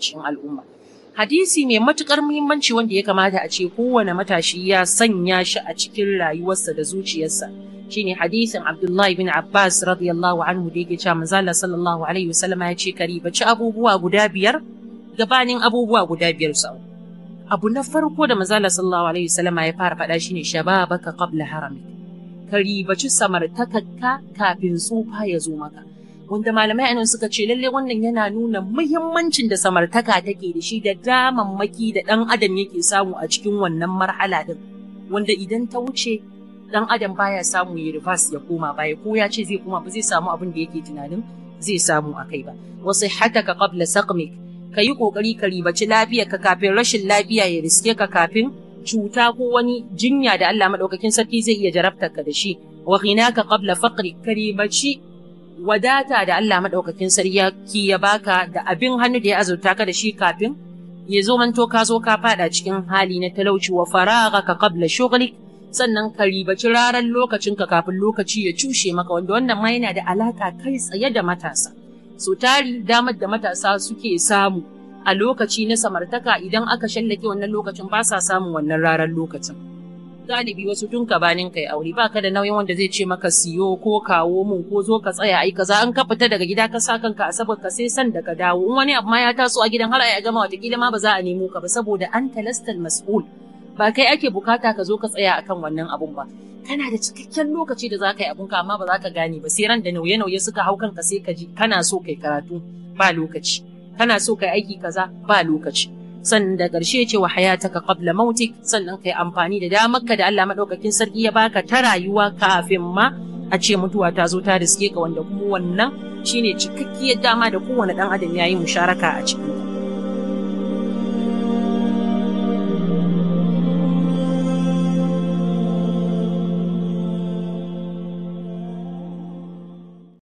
cikin al'umma. Hadisi mai matukar muhimmanci wanda ya kamata a ce kowane matashi ya sanya shi a cikin rayuwarsa da zuciyarsa shine hadisin Abdullahi bin Abbas radiyallahu anhu da yake cewa manzala sallallahu alaihi wasallam ya ce karibaci abubuwa guda biyar gabanin abubuwa guda biyar sau. Abu na farko da manzala sallallahu alaihi wasallam ya fara faɗa shine shababaka qabla haramik. Karibaci samartakakka kafin tsufa ya zo maka. wanda malamai anan suka ce lalle wannan yana nuna muhimmancin da samartaka take da shi da damammaki da ɗan adam yake samu a cikin wannan marhala din wanda idan ta wuce ɗan adam baya samu ya reverse ya koma baya ko ya ce zai koma ba zai samu abin da yake tunanin zai samu akai kai ba wasu hataka qabla saqmik ka yi kokari ka ribaci lafiyar ka kafin rashin lafiya ya riske ka kafin cuta ko wani jinya da Allah madaukakin sarki zai iya jarabta ka da shi wa ghinaka qabla faqri ka ribaci wadata da Allah maɗaukakin sarki ya baka da abin hannu da ya azurta ka da shi kafin ya zo manto ka zo ka faɗa cikin hali na talauci wa faraga ka qabla shughlik sannan ka ribaci ranar ka kafin lokaci ya cushe maka wanda wannan ma yana da alaka kai tsaye da matasa so tari damar da matasa suke samu a lokaci na samartaka idan aka shallake wannan lokacin ba sa samun wannan ranar lokacin galibi wasu tun gabanin kai aure baka da nauyin wanda zai ce maka siyo ko kawo mun ko zo ka tsaya ai kaza an ka fita daga gida ka sa kanka a saboda sai san da ka dawo in wani abu ma ya taso a gidan har ai gama watakila ma ba za a nemo ka ba saboda an talastal mas'ul ba kai ake bukata ka zo ka tsaya akan wannan abun ba kana da cikakken lokaci da za ka yi ka amma ba za ka gane ba sai ran da nauye-nauye suka hau kanka sai ka ji kana so kai karatu ba lokaci kana so kai aiki kaza ba lokaci sannan da ƙarshe ce wa hayataka qabla mautik sannan yi amfani da damar ka da Allah madaukakin sarki ya baka ta rayuwa kafin ma a ce mutuwa ta zo ta riske ka wanda kuma wannan shine cikakkiyar dama da kowane ɗan adam ya yi musharaka a cikin